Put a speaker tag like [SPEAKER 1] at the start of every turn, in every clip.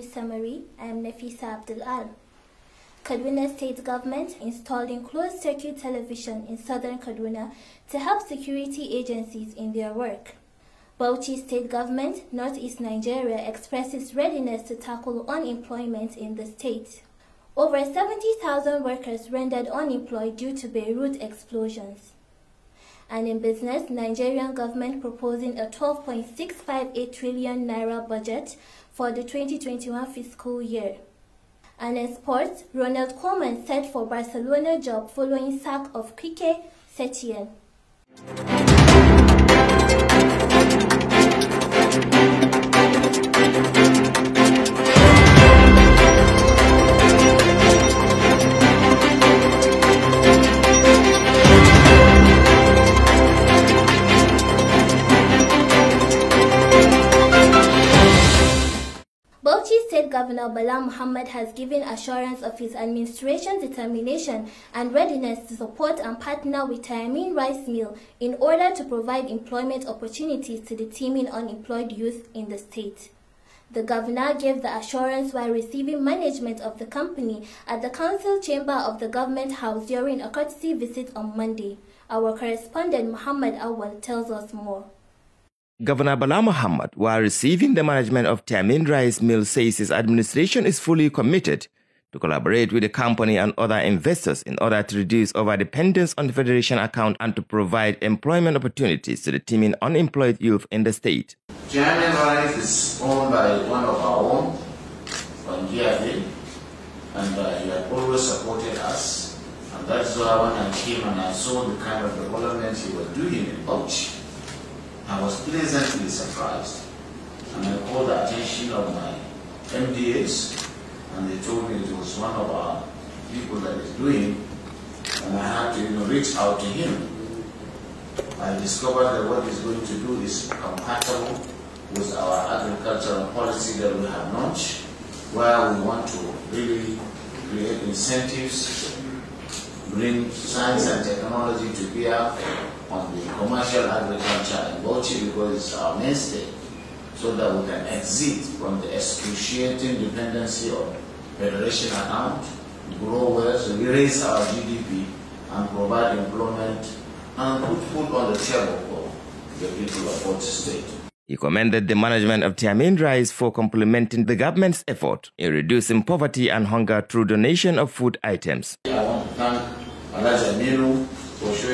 [SPEAKER 1] news summary, I am Nafisa Abdul Al. Kaduna State Government installing closed-circuit television in southern Kaduna to help security agencies in their work. Bauchi State Government, Northeast Nigeria expresses readiness to tackle unemployment in the state. Over 70,000 workers rendered unemployed due to Beirut explosions. And in business, Nigerian government proposing a 12.658 trillion naira budget for the 2021 fiscal year. And in sports, Ronald Koeman set for Barcelona job following sack of Quique Setien. Governor Bala Muhammad has given assurance of his administration's determination and readiness to support and partner with Tayamin Rice Mill in order to provide employment opportunities to the teeming unemployed youth in the state. The governor gave the assurance while receiving management of the company at the council chamber of the government house during a courtesy visit on Monday. Our correspondent Muhammad Awal tells us more.
[SPEAKER 2] Governor Bala Muhammad, while receiving the management of Tamin Rice Mill, says his administration is fully committed to collaborate with the company and other investors in order to reduce overdependence on the Federation account and to provide employment opportunities to the teeming unemployed youth in the state.
[SPEAKER 3] Tamin Rice is owned by one of our own on GFA, and uh, he has always supported us. And that's why when I came and I saw the kind of development he was doing in Bauchi, I was pleasantly surprised. And I called the attention of my MDAs, and they told me it was one of our people that is doing, and I had to you know, reach out to him. I discovered that what he's going to do is compatible with our agricultural policy that we have launched, where we want to really create incentives, bring science and technology to bear on the commercial agriculture in Bochi because it's our mainstay so that we can exit from the excruciating dependency on federation account, grow wealth, so we raise our GDP and provide employment and put food on the table for the people of Bochi State.
[SPEAKER 2] He commended the management of Tiamin Rice for complementing the government's effort in reducing poverty and hunger through donation of food items.
[SPEAKER 3] I want to thank Elijah Miru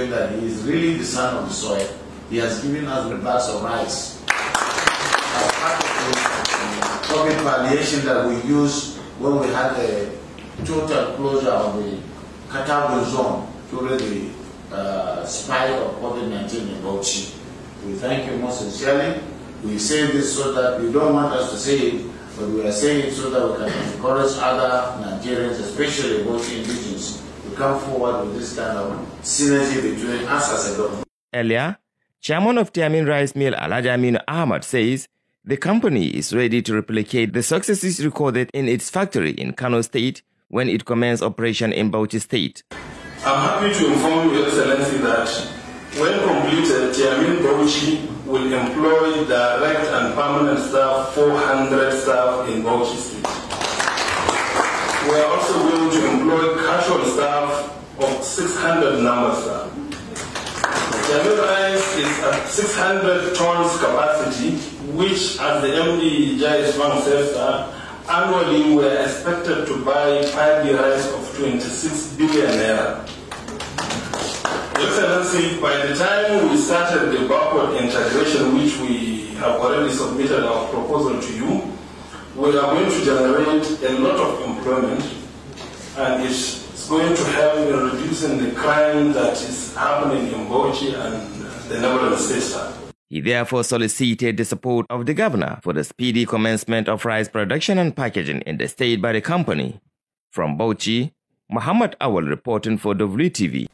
[SPEAKER 3] showing that he is really the son of the soil. He has given us the bags of rice as part of the COVID palliation that we used when we had a total closure of the Katago zone during the uh, spike of COVID-19 in Bauchi. We thank you most sincerely. We say this so that we don't want us to say it, but we are saying it so that we can encourage other Nigerians, especially Bauchi indigenous, come forward with this kind of synergy between us as a government.
[SPEAKER 2] Earlier, Chairman of Tiamin Rice Mill Alajamin Ahmad says the company is ready to replicate the successes recorded in its factory in Kano State when it commenced operation in Bauchi State. I'm happy to inform Your Excellency that when completed, Tiamin Bauchi will employ direct and permanent staff, 400 staff in Bauchi State. We are also going to employ casual staff of 600 numbers staff. Jamil is at 600 tons capacity, which, as the MD Jai Swang says, annually we are expected to buy 5 rice of 26 billion naira. Excellency, by the time we started the backward integration, which we have already submitted our proposal to you, we are going to generate a lot of employment and it's, it's going to help in reducing the crime that is happening in Bochi and the of sister. He therefore solicited the support of the governor for the speedy commencement of rice production and packaging in the state by the company. From Bochi, Muhammad Awal reporting for WTV.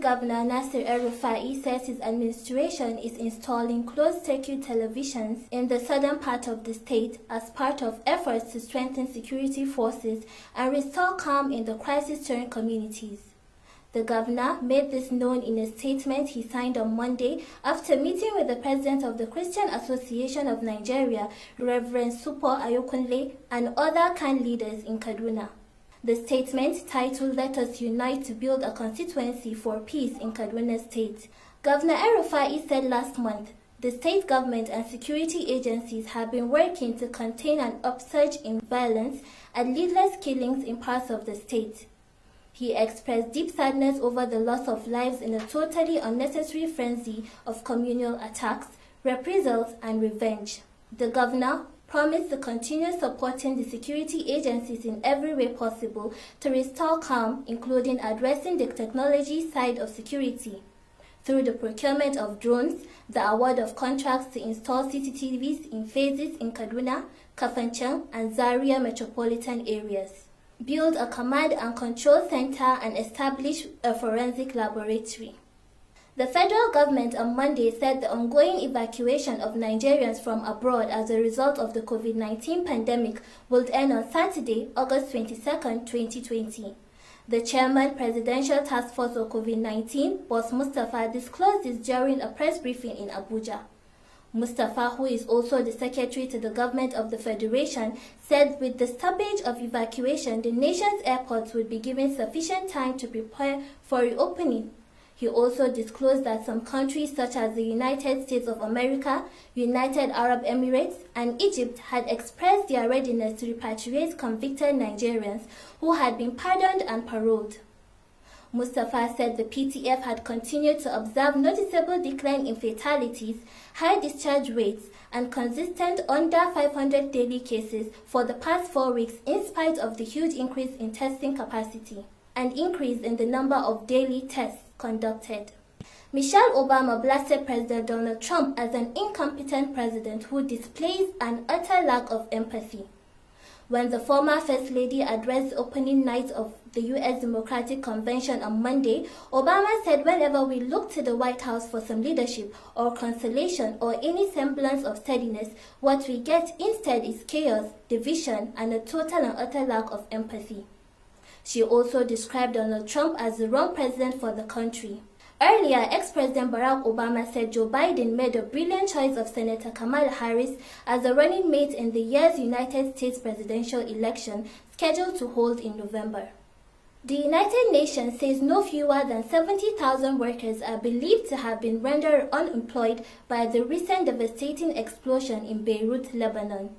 [SPEAKER 1] Governor Nasser El-Rufai says his administration is installing closed-circuit televisions in the southern part of the state as part of efforts to strengthen security forces and restore calm in the crisis-torn communities. The governor made this known in a statement he signed on Monday after meeting with the president of the Christian Association of Nigeria, Reverend Supo Ayokunle, and other kind leaders in Kaduna. The statement, titled Let Us Unite to Build a Constituency for Peace in Kaduna State, Governor Arafai said last month the state government and security agencies have been working to contain an upsurge in violence and needless killings in parts of the state. He expressed deep sadness over the loss of lives in a totally unnecessary frenzy of communal attacks, reprisals, and revenge. The governor, promised to continue supporting the security agencies in every way possible to restore calm, including addressing the technology side of security through the procurement of drones, the award of contracts to install CCTVs in phases in Kaduna, Kafanchan, and Zaria metropolitan areas. Build a command and control center and establish a forensic laboratory. The federal government on Monday said the ongoing evacuation of Nigerians from abroad as a result of the COVID-19 pandemic would end on Saturday, August 22, 2020. The chairman presidential task force on COVID-19, Boss Mustafa, disclosed this during a press briefing in Abuja. Mustafa, who is also the secretary to the government of the federation, said with the stoppage of evacuation, the nation's airports would be given sufficient time to prepare for reopening he also disclosed that some countries such as the United States of America, United Arab Emirates, and Egypt had expressed their readiness to repatriate convicted Nigerians who had been pardoned and paroled. Mustafa said the PTF had continued to observe noticeable decline in fatalities, high discharge rates, and consistent under 500 daily cases for the past four weeks in spite of the huge increase in testing capacity and increase in the number of daily tests conducted. Michelle Obama blasted President Donald Trump as an incompetent president who displays an utter lack of empathy. When the former First Lady addressed the opening night of the U.S. Democratic Convention on Monday, Obama said whenever we look to the White House for some leadership or consolation or any semblance of steadiness, what we get instead is chaos, division, and a total and utter lack of empathy. She also described Donald Trump as the wrong president for the country. Earlier, ex-President Barack Obama said Joe Biden made a brilliant choice of Senator Kamala Harris as a running mate in the year's United States presidential election scheduled to hold in November. The United Nations says no fewer than 70,000 workers are believed to have been rendered unemployed by the recent devastating explosion in Beirut, Lebanon.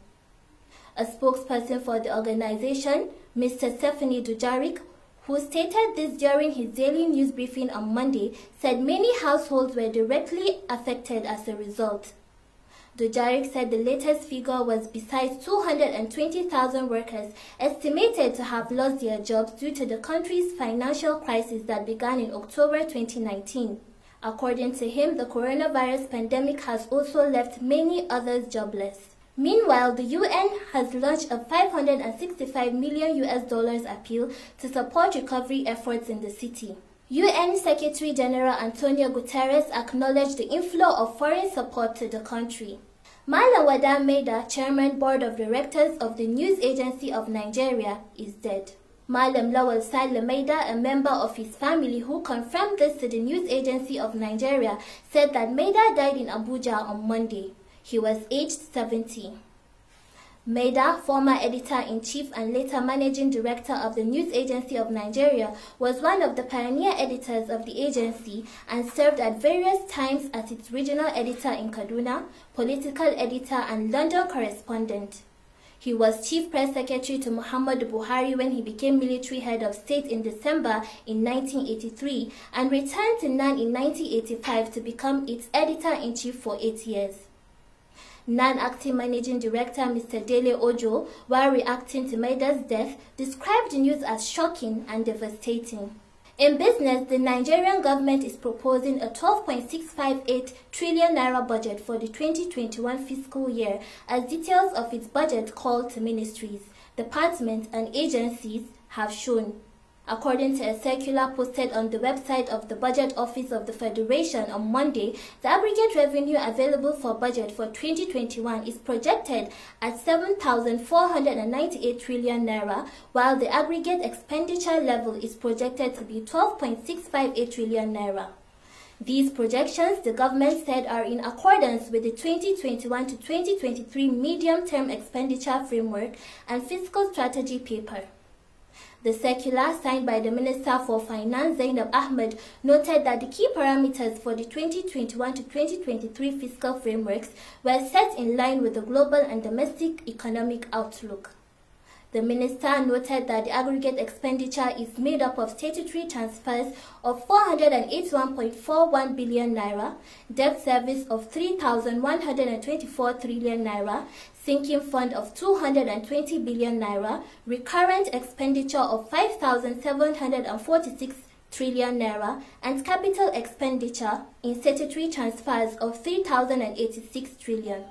[SPEAKER 1] A spokesperson for the organization, Mr. Stephanie Dujarik, who stated this during his daily news briefing on Monday, said many households were directly affected as a result. Dujarik said the latest figure was besides 220,000 workers estimated to have lost their jobs due to the country's financial crisis that began in October 2019. According to him, the coronavirus pandemic has also left many others jobless. Meanwhile, the UN has launched a 565 million US dollars appeal to support recovery efforts in the city. UN Secretary General Antonio Guterres acknowledged the inflow of foreign support to the country. Malawada Maida, Chairman Board of Directors of the News Agency of Nigeria, is dead. Malam Lawal Sale a member of his family who confirmed this to the News Agency of Nigeria, said that Maida died in Abuja on Monday. He was aged 70. Maida, former editor-in-chief and later managing director of the News Agency of Nigeria, was one of the pioneer editors of the agency and served at various times as its regional editor in Kaduna, political editor and London correspondent. He was chief press secretary to Muhammadu Buhari when he became military head of state in December in 1983 and returned to NAN in 1985 to become its editor-in-chief for eight years. Non-acting managing director Mr. Dele Ojo, while reacting to Maida's death, described the news as shocking and devastating. In business, the Nigerian government is proposing a 12.658 trillion naira budget for the 2021 fiscal year as details of its budget call to ministries, departments and agencies have shown. According to a circular posted on the website of the Budget Office of the Federation on Monday, the aggregate revenue available for budget for 2021 is projected at 7,498 trillion naira, while the aggregate expenditure level is projected to be 12.658 trillion naira. These projections, the government said, are in accordance with the 2021 to 2023 medium-term expenditure framework and fiscal strategy paper. The circular signed by the Minister for Finance Zainab Ahmed noted that the key parameters for the 2021 to 2023 fiscal frameworks were set in line with the global and domestic economic outlook. The minister noted that the aggregate expenditure is made up of statutory transfers of 481.41 billion naira, debt service of 3,124 trillion naira, sinking fund of 220 billion naira, recurrent expenditure of 5,746 trillion naira and capital expenditure in statutory transfers of 3,086 trillion.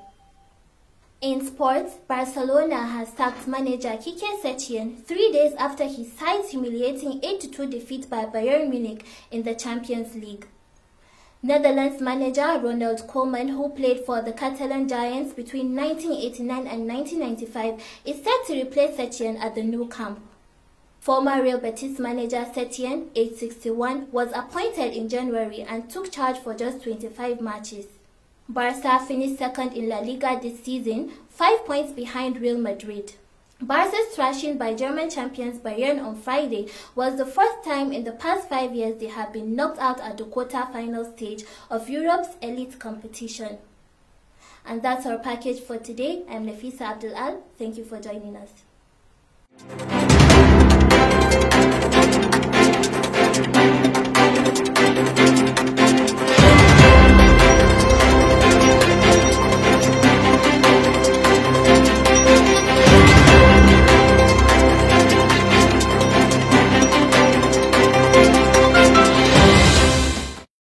[SPEAKER 1] In sports, Barcelona has sacked manager Kike Setien three days after his side's humiliating 8-2 defeat by Bayern Munich in the Champions League. Netherlands manager Ronald Koeman, who played for the Catalan Giants between 1989 and 1995, is set to replace Setien at the new camp. Former Real Betis manager Setien, 861, was appointed in January and took charge for just 25 matches. Barca finished second in La Liga this season, five points behind Real Madrid. Barca's thrashing by German champions Bayern on Friday was the first time in the past five years they have been knocked out at the quarter-final stage of Europe's elite competition. And that's our package for today. I'm Nafisa Al. Thank you for joining us.